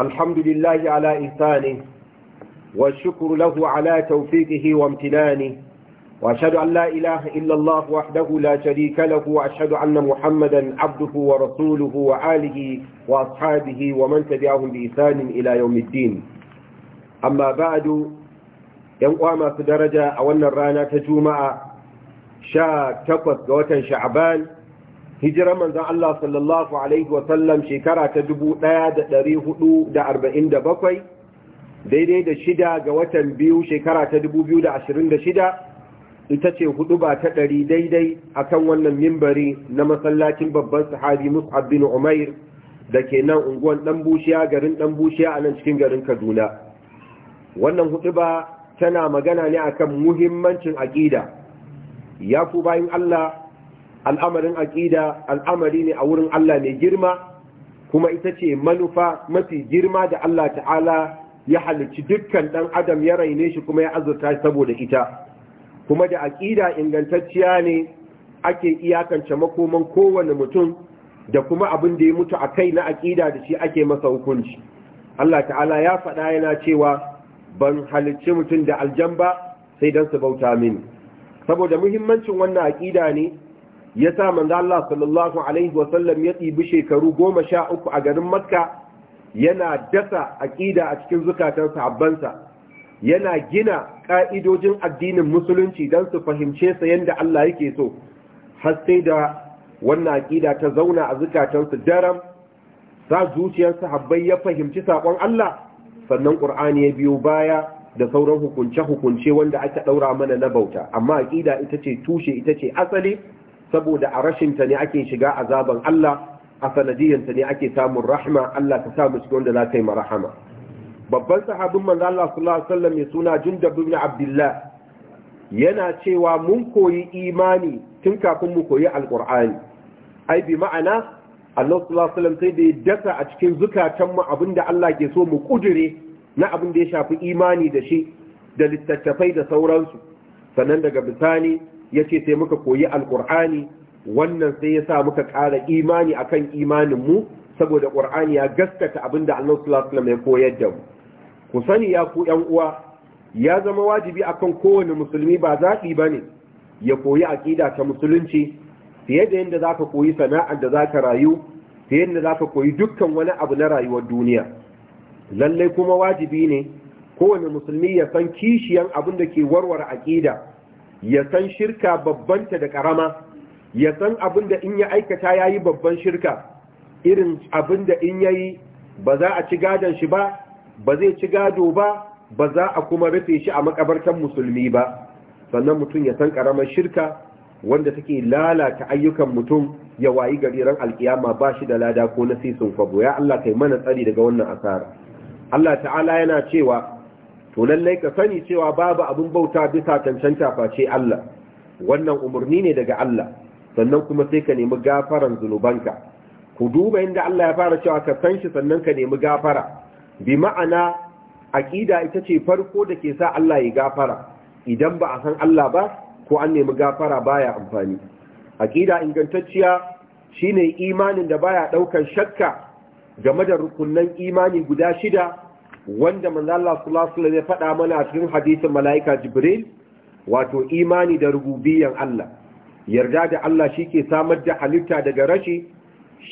الحمد لله على إحسانه والشكر له على توفيقه وامتنانه وأشهد أن لا إله إلا الله وحده لا شريك له وأشهد أن محمدا عبده ورسوله وآله وأصحابه ومن تبعهم بإحسان إلى يوم الدين أما بعد ينقام في درجة أولا رانا تجومع شاك تقف قوة شعبان hijirar manzan Allah sallallahu Alaihi wasallam shekara ta 1447 daidai da shida ga watan biyu shekara ta 2026 ita ce hudu ba ta ɗari daidai a kan wannan mimbari na masallacin babban sahabi Mus'ab bin Umair da ke nan unguwan ɗan bushiya garin ɗan bushiya a nan cikin garin Kaduna. Wannan hudu ba tana magana ne akan muhimmancin aƙida. Ya fi bayan Allah al'amarin aƙida al'amari ne a wurin Allah mai girma kuma ita ce manufa mafi girma da Allah ta'ala ya halicci dukkan ɗan adam ya raine shi kuma ya azurta saboda ita kuma da aƙida ingantacciya ne ake iyakance makoman kowane mutum da kuma abin da ya mutu a kai na aƙida da shi ake masa hukunci Allah ta'ala ya faɗa yana cewa ban halicci mutum da aljamba sai don su bauta mini saboda muhimmancin wannan aƙida ne ya sa manzo Allah sallallahu alaihi wa sallam ya tsibi shekaru goma sha uku a garin Makka yana dasa aƙida a cikin zukatan sahabbansa yana gina ƙa'idojin addinin musulunci don su fahimce sa yadda Allah yake so har sai da wannan aƙida ta zauna a zukatansu daram sa zuciyar sahabbai ya fahimci saƙon Allah sannan Qur'ani ya biyo baya da sauran hukunce-hukunce wanda aka ɗaura mana na bauta amma aƙida ita ce tushe ita ce asali saboda a rashinta ne ake shiga azaban Allah a sanadiyyanta ne ake samun rahma Allah ta samu cikin wanda za ta yi marahama babban sahabin manzo Allah sallallahu alaihi wasallam mai suna Jundab ibn Abdullah yana cewa mun koyi imani tun kafin mu koyi alqur'ani ai bi ma'ana Allah sallallahu alaihi wasallam sai da ya dasa a cikin zukatan mu abinda Allah ke so mu kudure na abin da ya shafi imani da shi da littattafai da sauransu sannan daga bisani Ya ce sai muka koyi Alƙur'ani, wannan sai ya sa muka ƙara imani akan imanin mu saboda ƙur'ani ya gaskata abinda Allah sallallahu mai ya koyar da mu ku sani ya ku yan uwa ya zama wajibi akan kowane musulmi ba zaɓi ne, ya koyi aƙida ta musulunci fiye da yadda za ka koyi sana'ar da za ka rayu fiye da za ka koyi dukkan wani abu na rayuwar duniya lallai kuma wajibi ne kowane musulmi ya san kishiyan abin da ke warware aƙida. ya san shirka babbanta da karama ya san abin da in ya aikata ya yi babban shirka irin abin da in yayi yi ba za a ci gadon shi ba ba zai ci gado ba ba za a kuma rufe shi a makabartan musulmi ba sannan mutum ya san karamar shirka wanda take lalata ayyukan mutum ya wayi gari ran alkiyama ba shi da lada ko na sisin kwabo ya Allah kai mana tsari daga wannan asara Allah ta'ala yana cewa to lallai ka sani cewa babu abin bauta bisa cancanta face Allah wannan umarni ne daga Allah sannan kuma sai ka nemi gafaran zunubanka ku duba inda Allah ya fara cewa ka san shi sannan ka nemi gafara bi ma'ana aqida ita ce farko da ke sa Allah ya gafara idan ba a san Allah ba ko an nemi gafara baya amfani aqida ingantacciya shine imanin da baya daukar shakka game da rukunnan imani guda shida wanda manzo Allah sallallahu ya faɗa mana a cikin hadisin malaika Jibril wato imani da rububiyyan Allah yarda da Allah shike samar da halitta daga rashi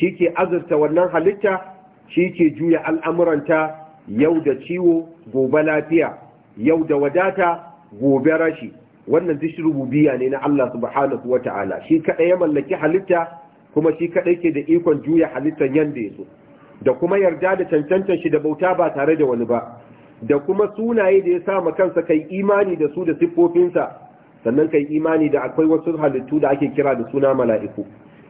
shike azurta wannan halitta shike juya al'amuranta yau da ciwo gobe lafiya yau da wadata gobe rashi wannan duk rububiyya ne na Allah subhanahu wata'ala shi kadai ya mallaki halitta kuma shi kadai ke da ikon juya halittan yanda ya so da kuma yarda da cancancan shi da bauta ba tare da wani ba da kuma sunaye da ya sa ma kansa kai imani da su da siffofinsa sannan kai imani da akwai wasu halittu da ake kira da suna mala'iku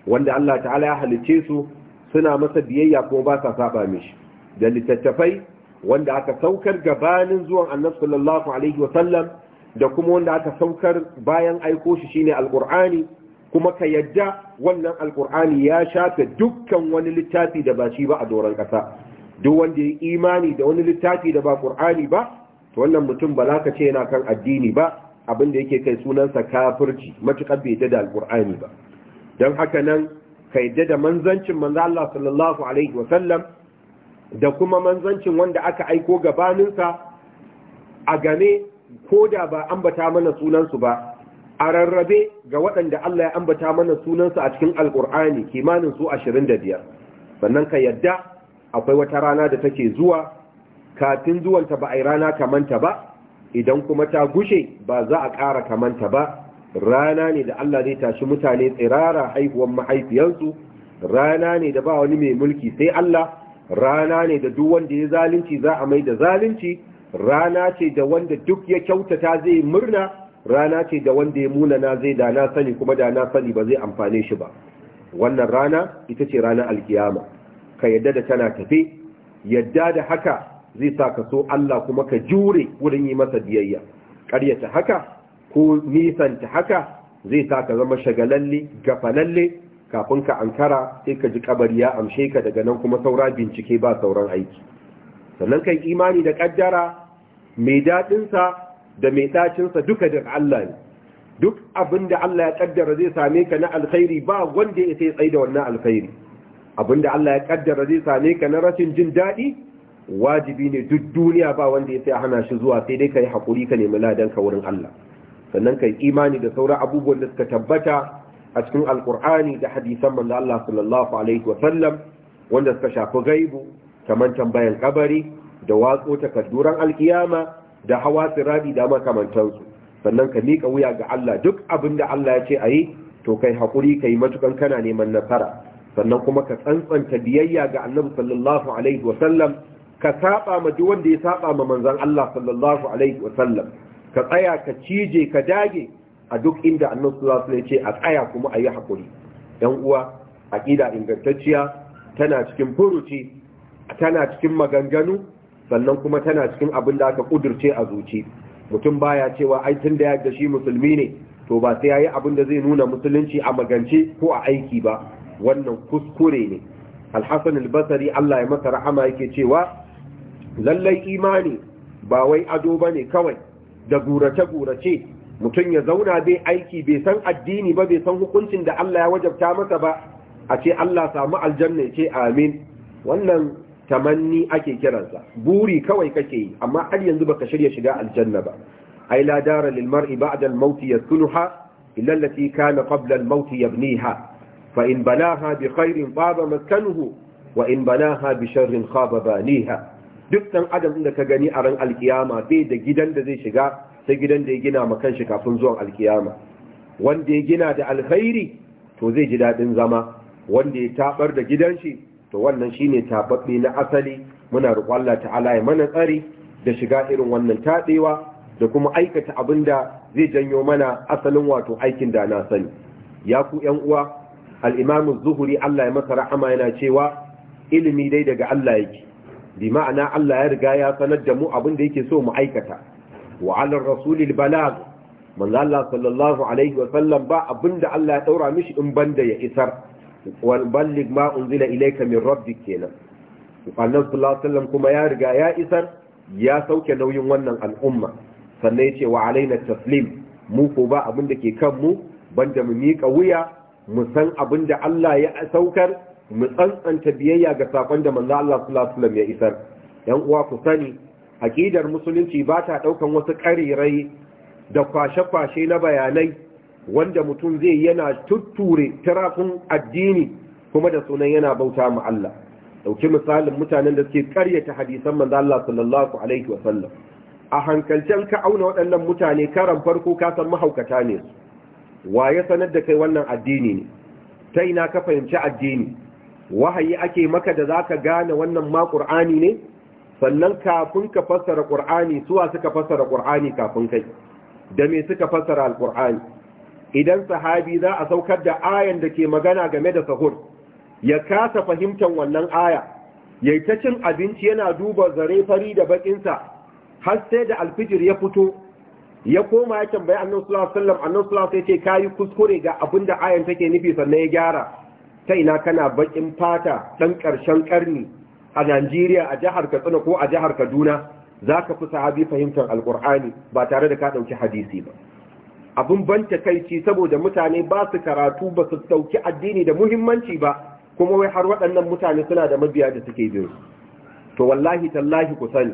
wanda Allah ta'ala ya halicce su suna masa biyayya kuma ba sa saba mishi da littattafai wanda aka saukar gabanin zuwan annabi sallallahu alaihi wa sallam da kuma wanda aka saukar bayan aiko shi shine alqur'ani kuma ka yadda wannan alkur'ani ya shafe dukkan wani littafi da ba shi ba a doron ƙasa duk wanda ya imani da wani littafi da ba ƙur'ani ba to wannan mutum ba za ka ce yana kan addini ba abin da yake kai sunansa kafirci matuƙar bai yadda da alkur'ani ba don haka nan ka yadda da manzancin manzo Allah sallallahu alaihi wa sallam da kuma manzancin wanda aka aiko gabaninsa a game ko da ba ambata mana sunansu ba a rarrabe ga waɗanda Allah ya ambata mana sunansu a cikin alkur'ani kimanin su 25 sannan ka yadda akwai wata rana da take zuwa katin zuwanta ba a yi rana kamanta ba idan kuma ta gushe ba za a ƙara kamanta ba rana ne da Allah zai tashi mutane tsirara haihuwan mahaifiyarsu rana ne da ba wani mai mulki sai Allah rana ne da duk wanda ya zalunci za a mai da zalunci rana ce da wanda duk ya kyautata zai murna rana ce da wanda ya muna na zai da na sani kuma da na sani ba zai amfane shi ba wannan rana ita ce ranar alkiyama ka yadda da tana tafe yadda da haka zai sa ka so Allah kuma ka jure wurin yi masa biyayya ƙaryata haka ko nisanta haka zai sa ka zama shagalalle gafalalle kafin ka ankara sai ka ji kabari ya amshe ka daga nan kuma saura bincike ba sauran aiki sannan kai imani da kaddara mai daɗinsa da mai ɗacinsa duka da Allah ne duk abin da Allah ya kaddara zai same ka na alkhairi ba wanda ya sai tsaye da wannan alkhairi abin da Allah ya kaddara zai same ka na rashin jin daɗi wajibi ne duk duniya ba wanda ya sai hana shi zuwa sai dai ka yi haƙuri ka nemi ladan ka wurin Allah sannan ka yi imani da sauran abubuwan da suka tabbata a cikin alkur'ani da hadisan manzo Allah sallallahu alaihi wa sallam wanda suka shafi gaibu kamar tambayan kabari da watso takadduran alkiyama da hawa sirabi da makamantansu sannan ka miƙa wuya ga Allah duk abin da Allah ya ce a yi to kai haƙuri ka yi matukan kana neman nasara sannan kuma ka tsantsanta biyayya ga annabi sallallahu alaihi sallam ka saba ma duk wanda ya saba ma manzon Allah sallallahu alaihi sallam ka tsaya ka cije ka dage a duk inda annabi sallallahu alaihi ce a tsaya kuma a yi hakuri. yan uwa aƙida ingantacciya tana cikin furuci tana cikin maganganu sannan kuma tana cikin abin da aka kudurce a zuci mutum baya cewa ai tun da ya gashi shi musulmi ne to ba sai yayi abin da zai nuna musulunci a magance ko a aiki ba wannan kuskure ne al-hasan al-basri Allah ya masa rahama yake cewa lallai imani ba wai ado bane kawai da gurace gurace mutum ya zauna bai aiki bai san addini ba bai san hukuncin da Allah ya wajabta masa ba a ce Allah samu aljanna ce amin wannan tamanni ake kiransa buri kawai kake yi amma har yanzu baka shirya shiga aljanna ba ai la dara lil mar'i ba'da al maut yaskunuha illa allati kana qabla al maut yabniha fa in banaha bi khairin faba maskanuhu wa in banaha bi sharrin khaba baniha duk dan adam inda ka gani a ran alkiyama bai da gidan da zai shiga sai gidan da ya gina ma kanshi kafin zuwan alkiyama wanda ya gina da alkhairi to zai ji dadin zama wanda ya tabar da gidan shi to wannan shine tababbe na asali muna roƙon Allah ta'ala ya mana tsari da shiga irin wannan tadewa da kuma aikata abinda zai janyo mana asalin wato aikin da na sani ya ku 'yan uwa al-Imam zuhri Allah ya masa rahama yana cewa ilimi dai daga Allah yake bi ma'ana Allah ya riga ya sanar da mu abin da yake so mu aikata wa 'ala ar-rasulil balagh manzo Allah sallallahu alaihi wa sallam ba abinda Allah ya daura mishi in banda ya isar wal ma unzila ilayka min rabbik kenan annabi sallallahu alaihi wasallam kuma ya riga ya isar ya sauke nauyin wannan al'umma sannan yace wa alaina taslim mu ko ba abin da ke kan mu banda mu mika wuya mu san abin da Allah ya saukar mu tsantsanta biyayya ga sakon da manzo Allah sallallahu alaihi wasallam ya isar yan uwa ku sani aqidar musulunci ba ta daukan wasu ƙarirai da kwashe-kwashe na bayanai wanda mutum zai yana tutture tarafin addini kuma da sunan yana bauta ma Allah dauki misalin mutanen da suke karyata hadisan manzo Allah sallallahu alaihi wa sallam a hankalcen ka auna waɗannan mutane karan farko ka san mahaukata ne su. wa ya sanar da kai wannan addini ne ta ina ka fahimci addini wahayi ake maka da zaka gane wannan ma qur'ani ne sannan kafin ka fassara qur'ani suwa suka fassara qur'ani kafin kai da me suka fassara alqur'ani idan sahabi za a saukar da ayan da ke magana game da sahur ya kasa fahimtar wannan aya yayi ta cin abinci yana duba zare fari da bakinsa har sai da alfijir ya fito ya koma ya tambayi annabi sallallahu alaihi wasallam annabi sallallahu alaihi wasallam kayi kuskure ga abin da ayan take nufi sannan ya gyara ta ina kana bakin fata dan karshen karni a Najeriya a jihar Katsina ko a jihar Kaduna zaka fi sahabi fahimtar Alkur'ani ba tare da ka ɗauki hadisi ba abin ban takaici saboda mutane ba su karatu ba su sauki addini da muhimmanci ba kuma wai har waɗannan mutane suna da mabiya da suke biyu to wallahi tallahi ku sani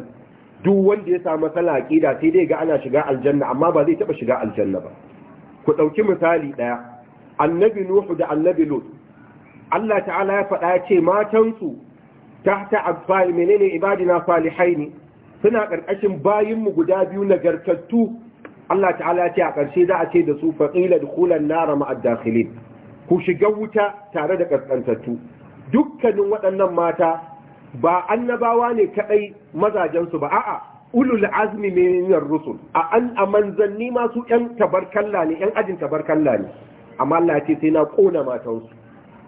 duk wanda ya samu matsala aqida sai dai ga ana shiga aljanna amma ba zai taba shiga aljanna ba ku dauki misali daya annabi nuhu da annabi lut Allah ta'ala ya faɗa ya ce matansu tahta abfal menene ibadina salihaini suna ƙarƙashin bayinmu guda biyu nagartattu Allah ta'ala ce a ƙarshe za a ce da su faƙila da kulan nara ma'addakhilin ku shiga wuta tare da ƙasƙantattu dukkanin waɗannan mata ba annabawa ne kaɗai mazajensu ba a'a ulul azmi min rusul a an a manzanni ma su ƴan tabarkalla ne ƴan ajin tabarkalla ne amma Allah ya ce sai na ƙona matansu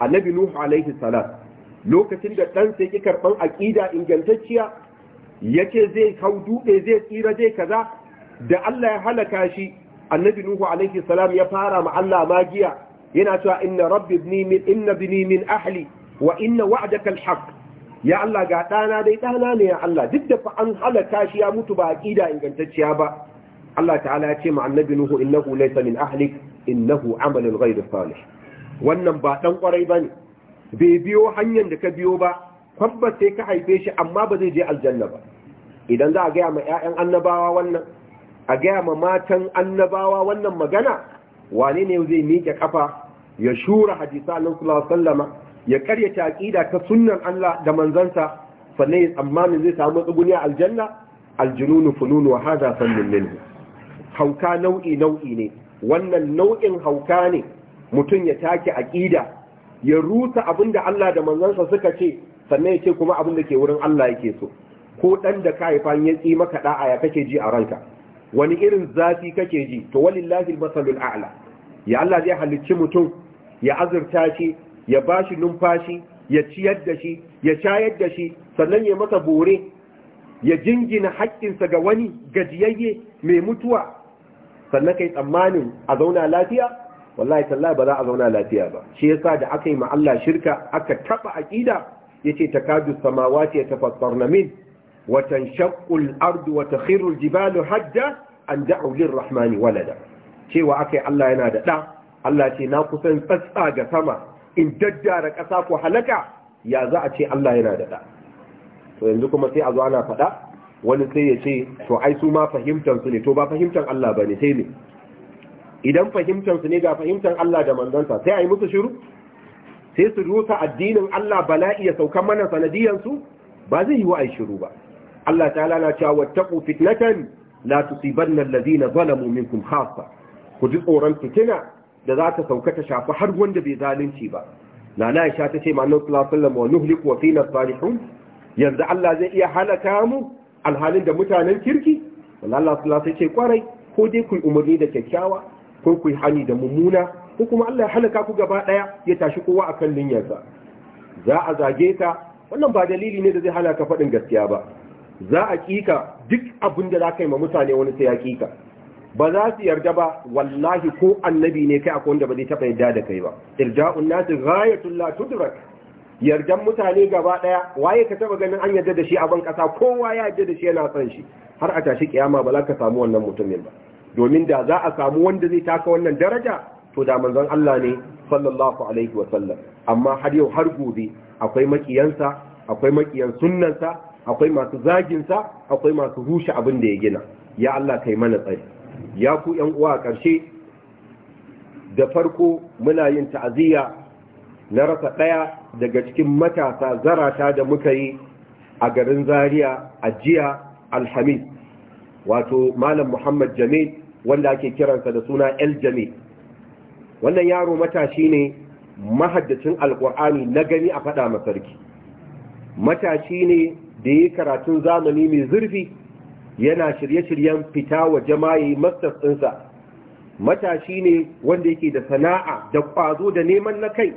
annabi nuhu alaihi salam lokacin da ɗan sai ki karɓan aƙida ingantacciya yace zai hau dutse zai tsira zai kaza da Allah ya halaka shi annabi nuhu alaihi salam ya fara ma Allah magiya yana cewa inna rabbi ibni min inna bini min ahli wa inna wa'daka alhaq ya Allah ga dana dai dana ne ya Allah duk da fa an halaka shi ya mutu ba aqida ingantacciya ba Allah ta'ala ya ce ma annabi nuhu innahu laysa min ahlik innahu amalun ghayru salih wannan ba dan kwarai bane bai biyo hanyar da ka biyo ba tabbas sai ka haife shi amma ba zai je aljanna ba idan za a gaya ma 'ya'yan annabawa wannan a gaya ma matan annabawa wannan magana wane ne zai miƙe kafa ya shura hadisa na sallallahu sallama ya karya aqida ta sunnan Allah da manzansa sannan amma tsammanin zai samu tsuguni aljanna aljununu fununu wa hada fannin min hauka nau'i nau'i ne wannan nau'in hauka ne mutum ya take aqida ya rusa abinda Allah da manzansa suka ce sannan ya ce kuma abinda ke wurin Allah yake so ko dan da ka haifa ya tsi maka da'a ya kake ji a ranka wani irin zafi kake ji to walillahi masalul a'la ya Allah zai halicci mutum ya azurta shi ya ba shi numfashi ya ciyar da shi ya shayar da shi sannan ya masa bore ya jingina haƙƙinsa ga wani gajiyayye mai mutuwa sannan kai tsammanin a zauna lafiya wallahi tallahi ba za a zauna lafiya ba shi yasa da aka yi ma Allah shirka aka taba aqida yace takadu samawati yatafassarna min Watan watanshakul ardu wa takhirul jibalu hajja an da'u lirrahmani walada cewa aka akai Allah yana daɗa. Allah ce na kusan tsatsa ga sama in daddara ƙasa ko halaka ya za a ce Allah yana daɗa? da to yanzu kuma sai a zo ana faɗa wani sai ya ce to ai su ma fahimtar ne to ba fahimtar Allah bane sai ne idan fahimtar ne ga fahimtar Allah da manzansa sai ayi musu shiru sai su rusa addinin Allah bala'i ya sauka mana sanadiyan su ba zai yi wa shiru ba Allah ta'ala na cewa wattaqu fitnatan la tusibanna allazina zalamu minkum khassa ku ji tsoron fitina da za ta sauka ta shafi har wanda bai zalunci ba na na isha ta ce ma'anar sallallahu wa nuhliku wa fina salihun yanzu Allah zai iya halaka mu alhalin da mutanen kirki Allah sallallahu alaihi ce kwarai ko dai ku umarni da kyakkyawa ko ku hani da mummuna ko kuma Allah ya halaka ku gaba daya ya tashi kowa akan linyarsa za a zage ta. wannan ba dalili ne da zai hana faɗin gaskiya ba za a kika duk abin da za ka yi ma mutane wani sai ya kika ba za su yarda ba wallahi ko annabi ne kai akwai wanda ba zai taɓa yarda da kai ba irja'un nasu ghayatul la tudrak yardan mutane gaba daya waye ka taba ganin an yarda da shi a ban kasa kowa ya yarda da shi yana son shi har a tashi kiyama ba za ka samu wannan mutumin ba domin da za a samu wanda zai taka wannan daraja to da manzon Allah ne sallallahu alaihi wa sallam amma har yau har gobe akwai makiyansa akwai makiyan sunnansa akwai masu zaginsa akwai masu rushe abin da ya gina ya Allah kai mana tsari ya ku yan uwa a ƙarshe da farko muna yin ta'aziyya na rasa ɗaya daga cikin matasa zarata da muka yi a garin zaria a jiya alhamis wato malam muhammad jamil wanda ake kiransa da suna el jamil wannan yaro matashi ne mahaddacin alkur'ani na gani a faɗa masarki matashi ne da yi karatun zamani mai zurfi yana shirye-shiryen fita wa jama'i masters ɗinsa matashi ne wanda yake da sana'a da ƙwazo da neman na kai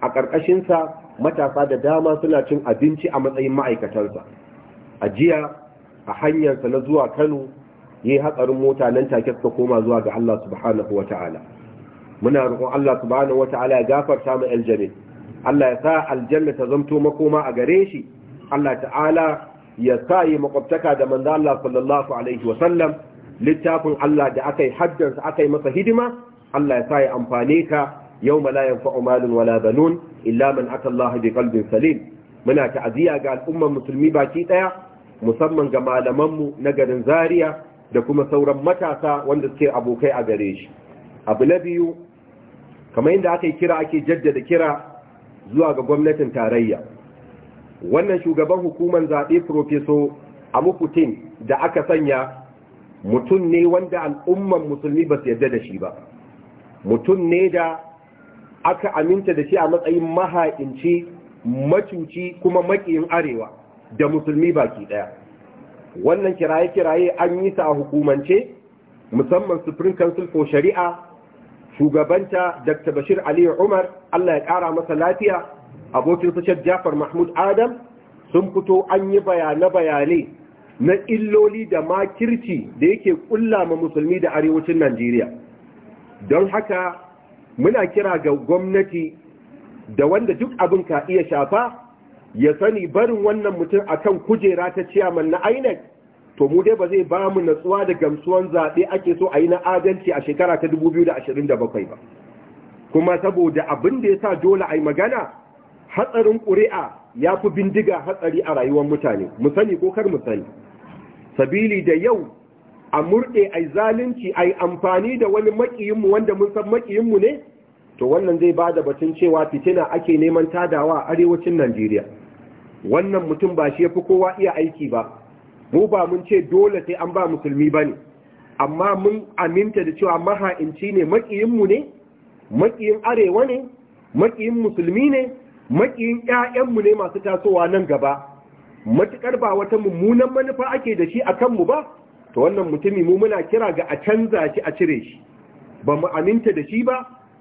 a ƙarƙashinsa matasa da dama suna cin abinci a matsayin ma'aikatansa a jiya a hanyarsa na zuwa kano yi hatsarin mota nan take suka koma zuwa ga allah subhanahu wata'ala muna roƙon allah subhanahu wata'ala ya gafarta mu aljamin allah ya sa aljanna ta zamto makoma a gare shi Allah ta'ala ya sa yi makwabtaka da manzo Allah sallallahu alaihi wa sallam littafin Allah da akai haddansa akai masa hidima Allah ya sa ya amfane ka yau ma la yanfa'u malun wala banun illa man ata Allah bi qalbin salim muna ta'aziya ga al'ummar musulmi baki daya musamman ga malaman mu na garin Zaria da kuma sauran matasa wanda suke abokai a gare shi abu na biyu kamar yadda aka yi kira ake jaddada kira zuwa ga gwamnatin tarayya wannan shugaban hukumar zaɓe profeso amukutin da aka sanya mutum ne wanda al'umman musulmi ba su yarda da shi ba mutum ne da aka aminta da shi a matsayin mahaƙinci macuci kuma makiyin arewa da musulmi baki ɗaya wannan kiraye-kiraye an yi sa a hukumance musamman supreme council for shari'a shugabanta dr bashir aliyu umar allah ya ƙara masa lafiya abokin su jafar mahmud adam sun fito an yi bayane-bayane na illoli da makirci da yake kulla ma musulmi da arewacin najeriya don haka muna kira ga gwamnati da wanda duk abin ka iya shafa ya sani barin wannan mutum akan kujera ta ciyaman na INEC to mu dai ba zai ba mu natsuwa da gamsuwan zaɓe ake so a yi na adalci a shekara ta 2027 ba kuma saboda abin da ya sa dole a yi magana hatsarin ƙuri'a ya fi bindiga hatsari a rayuwar mutane musani sani ko kar mu sabili da yau a murɗe ai zalunci ai amfani da wani maƙiyinmu wanda mun san maƙiyinmu ne to wannan zai ba da batun cewa fitina ake neman tadawa a arewacin najeriya wannan mutum ba shi ya fi kowa iya aiki ba mu ba mun ce dole sai an ba musulmi ba ne amma mun aminta da cewa maha'inci ne maƙiyinmu ne maƙiyin arewa ne maƙiyin musulmi ne maƙiyin 'ya'yanmu ne masu tasowa nan gaba Matuƙar ba wata mummunan manufa ake da shi a kanmu ba to wannan mutumi mu muna kira ga a canza shi a cire shi ba mu aminta da shi ba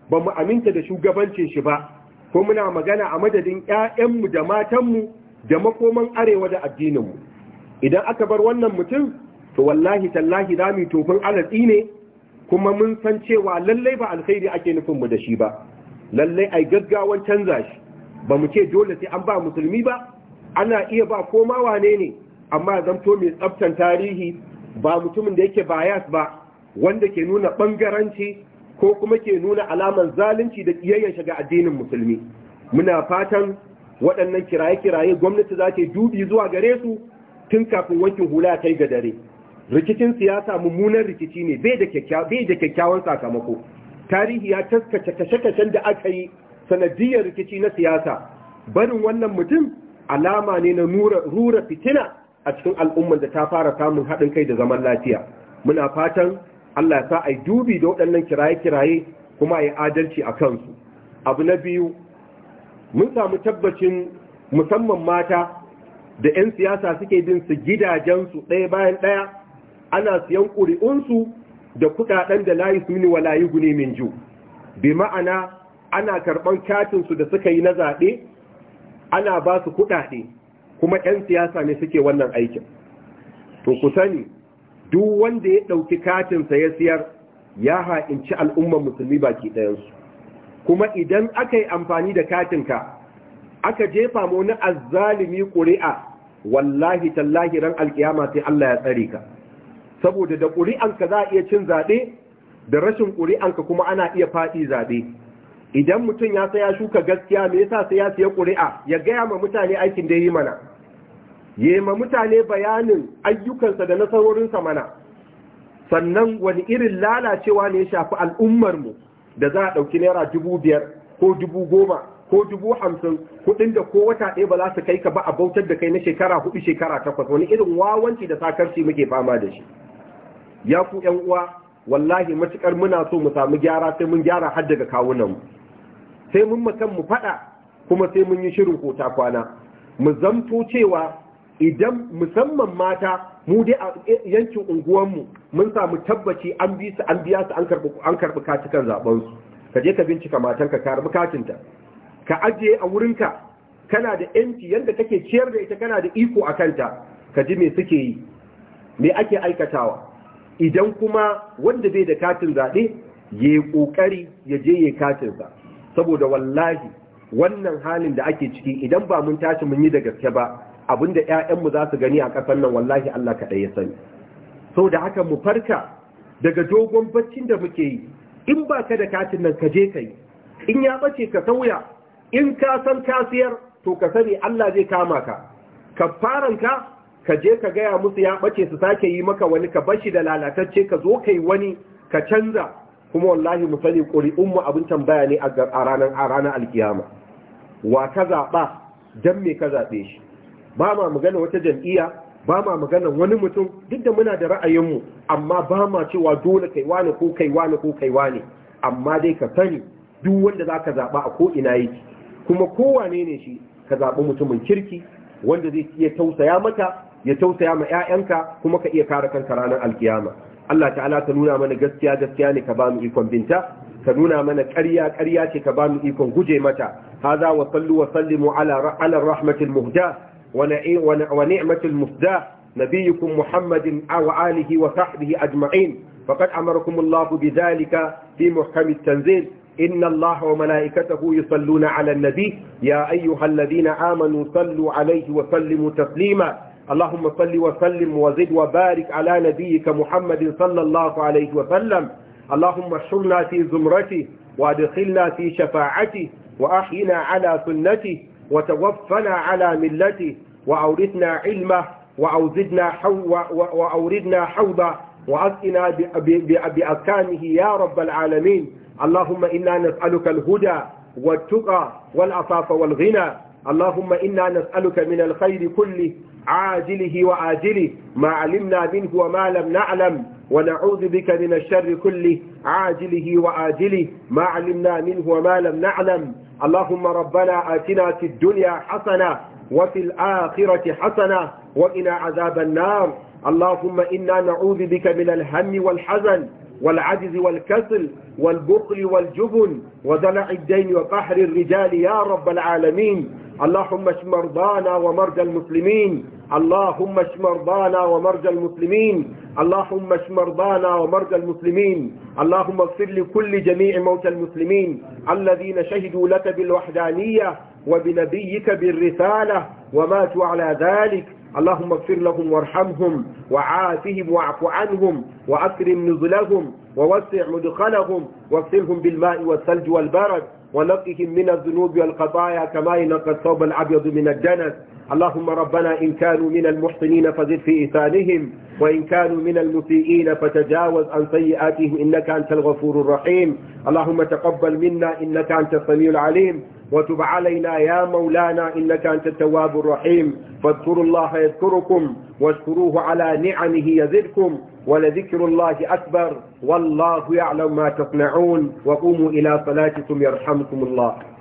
ba mu aminta da shugabancin shi ba ko muna magana a madadin ƴaƴanmu da matanmu da makoman arewa da addininmu idan aka bar wannan mutum to wallahi tallahi za mu tofin alatsi ne kuma mun san cewa lallai ba alkhairi ake nufinmu da shi ba lallai ai gaggawan canza shi ba mu ce dole sai an ba musulmi ba ana iya ba koma wane ne amma zamto mai tsaftan tarihi ba mutumin da yake bayas ba wanda ke nuna bangaranci ko kuma ke nuna alaman zalunci da kiyayen shiga addinin musulmi muna fatan waɗannan kiraye-kiraye gwamnati za ta dubi zuwa gare su tun kafin wankin hula ta yi ga dare rikicin siyasa mummunan rikici ne bai da kyakkyawan sakamako tarihi ya taskace kashe-kashen da aka yi sanadiyar rikici na siyasa barin wannan mutum alama ne na rura fitina a cikin al'ummar da ta fara samun haɗin kai da zaman lafiya muna fatan Allah ya sa a dubi da waɗannan kiraye-kiraye kuma ya adalci a kansu abu na biyu mun samu tabbacin musamman mata da 'yan siyasa suke bin su gidajensu ɗaya bayan ɗaya ana siyan ƙuri'unsu da kuɗaɗen da layi su ne wa layi gune min ju bi ma'ana ana karɓar katinsu da suka yi na zaɓe ana ba su kuɗaɗe kuma 'yan siyasa ne suke wannan aikin to ku sani duk wanda ya ɗauki katinsa ya siyar ya ha'inci al'ummar musulmi baki ɗayansu kuma idan aka yi amfani da katinka aka jefa mu na azzalimi ƙuri'a wallahi tallahi ran alƙiyama sai Allah ya tsare ka saboda da ƙuri'anka za a iya cin zaɓe da rashin ƙuri'anka kuma ana iya faɗi zaɓe idan mutum ya saya shuka gaskiya me yasa sai ya siya ƙuri'a ya gaya ma mutane aikin da ya yi mana ya ma mutane bayanin ayyukansa da nasarorinsa mana sannan wani irin lalacewa ne ya shafi al'ummarmu da za a ɗauki naira dubu biyar ko dubu goma ko dubu hamsin kuɗin da ko wata ɗaya ba za su kai ka ba a bautar da kai na shekara hudu shekara takwas wani irin wawanci da sakarci muke fama da shi ya ku ƴan uwa wallahi matuƙar muna so mu samu gyara sai mun gyara har daga kawunanmu sai mun makan mu faɗa kuma sai mun yi shirin kota kwana mu zamto cewa idan musamman mata mu dai a yankin unguwanmu mun samu tabbaci an bi su an biya su an karɓi katukan zaben ka je ka bincika matanka ka karɓi katinta ka ajiye a wurinka kana da yanci yadda kake ciyar da ita kana da iko a kanta ka ji me suke yi me ake aikatawa idan kuma wanda bai da katin zaɓe ya yi ƙoƙari ya je ya katinsa saboda wallahi wannan halin da ake ciki idan ba mun tashi mun yi da gaske ba abinda ƴaƴanmu za su gani a ƙasar nan wallahi Allah kaɗai ya sani saboda haka mu farka daga dogon baccin da muke yi in ba ka da katin nan ka je ka yi in ya ɓace ka sauya in ka san kasiyar to ka sani Allah zai kama ka kafaran ka ka je ka gaya musu ya ɓace su sake yi maka wani ka bashi da lalatacce ka zo ka wani ka canza kuma wallahi mu sani ƙuri'un mu abin tambaya ne a ranar a ranar alkiyama wa ka zaɓa dan me ka zaɓe shi ba ma magana wata jam'iyya ba ma magana wani mutum duk da muna da ra'ayin mu amma ba ma cewa dole kai wani ko kai wani ko kai wani amma dai ka sani duk wanda zaka ka zaɓa a ko ina yake kuma ko wane ne shi ka zaɓi mutumin kirki wanda zai iya tausaya maka ya tausaya ma 'ya'yanka kuma ka iya kare kanka ranar alkiyama Allah ta'ala ka nuna mana gaskiya gaskiya ne ka ba mu ikon binta ka nuna mana ƙarya ƙarya ce ka ba mu ikon guje mata hadha wa sallu wa sallimu ala ala rahmatil muhda wa ni'matil mufda نبيكم محمد وآله وصحبه أجمعين فقد أمركم الله بذلك في محكم التنزيل إن الله وملائكته يصلون على النبي يا أيها الذين آمنوا صلوا عليه وسلموا تسليما اللهم صل وسلم وزد وبارك على نبيك محمد صلى الله عليه وسلم اللهم احشرنا في زمرته وادخلنا في شفاعته وأحينا على سنته وتوفنا على ملته وأورثنا علمه وأوزدنا حو وأوردنا حوضه وأسئنا بأركانه يا رب العالمين اللهم إنا نسألك الهدى والتقى والعفاف والغنى اللهم إنا نسألك من الخير كله عاجله وآجله ما علمنا منه وما لم نعلم ونعوذ بك من الشر كله عاجله وآجله ما علمنا منه وما لم نعلم اللهم ربنا آتنا في الدنيا حسنة وفي الآخرة حسنة وإنا عذاب النار اللهم إنا نعوذ بك من الهم والحزن والعجز والكسل والبخل والجبن ودلع الدين وقهر الرجال يا رب العالمين اللهم اشف مرضانا ومرضى المسلمين اللهم اشف مرضانا ومرجى المسلمين اللهم اشف مرضانا ومرجى المسلمين اللهم اغفر لكل جميع موتى المسلمين الذين شهدوا لك بالوحدانية وبنبيك بالرسالة وماتوا على ذلك اللهم اغفر لهم وارحمهم وعافهم واعف عنهم وأكرم نزلهم ووسع مدخلهم واغسلهم بالماء والثلج والبرد ونقهم من الذنوب والخطايا كما ينقى الثوب الأبيض من الدنس اللهم ربنا إن كانوا من المحسنين فزد في إيثانهم وإن كانوا من المسيئين فتجاوز عن سيئاتهم إنك أنت الغفور الرحيم اللهم تقبل منا إنك أنت السميع العليم وتب علينا يا مولانا إنك أنت التواب الرحيم فاذكروا الله يذكركم واشكروه على نعمه يزدكم ولذكر الله أكبر والله يعلم ما تصنعون وقوموا إلى صلاتكم يرحمكم الله